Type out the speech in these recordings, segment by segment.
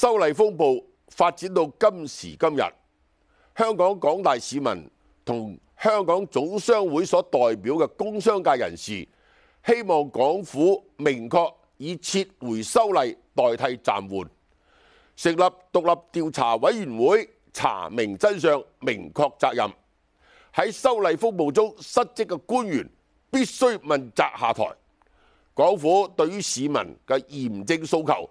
修例風暴發展到今時今日，香港廣大市民同香港總商會所代表嘅工商界人士希望港府明確以撤回修例代替暫緩，成立獨立調查委員會，查明真相，明確責任。喺修例風暴中失職嘅官員必須問責下台。港府對於市民嘅嚴正訴求，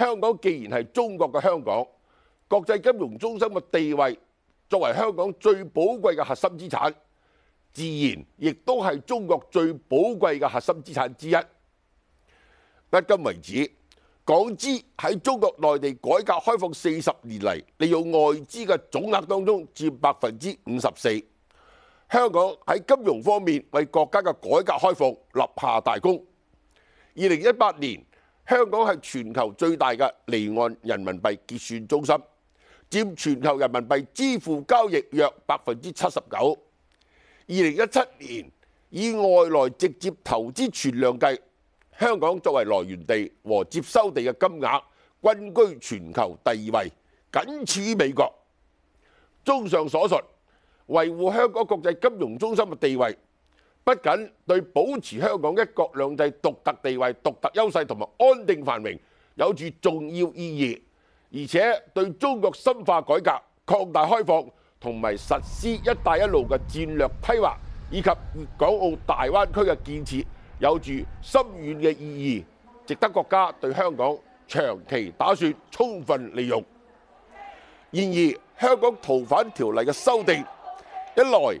香港既然係中國嘅香港，國際金融中心嘅地位，作為香港最寶貴嘅核心資產，自然亦都係中國最寶貴嘅核心資產之一。迄今為止，港資喺中國內地改革開放四十年嚟，利用外資嘅總額當中佔百分之五十四。香港喺金融方面為國家嘅改革開放立下大功。二零一八年。香港係全球最大嘅離岸人民幣結算中心，佔全球人民幣支付交易約百分之七十九。二零一七年以外來直接投資存量計，香港作為來源地和接收地嘅金額，均居全球第二位，僅次於美國。綜上所述，維護香港國際金融中心嘅地位，不僅對保持香港一國兩制獨特地位、獨特優勢同埋安定繁榮有著重要意義，而且對中國深化改革、擴大開放同埋實施「一帶一路」嘅戰略規劃以及粵港澳大灣區嘅建設有著深遠嘅意義，值得國家對香港長期打算充分利用。然而，香港逃犯條例嘅修訂一來，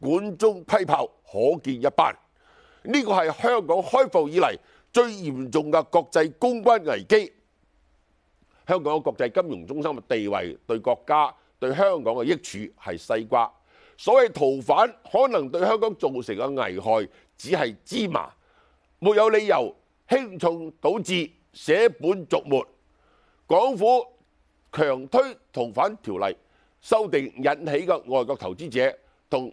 管中窺豹，可見一斑。呢個係香港開埠以嚟最嚴重嘅國際公關危機。香港國際金融中心嘅地位對國家、對香港嘅益處係西瓜。所謂逃犯可能對香港造成嘅危害只係芝麻，沒有理由輕重倒置、捨本逐末。港府強推逃犯條例修訂引起嘅外國投資者同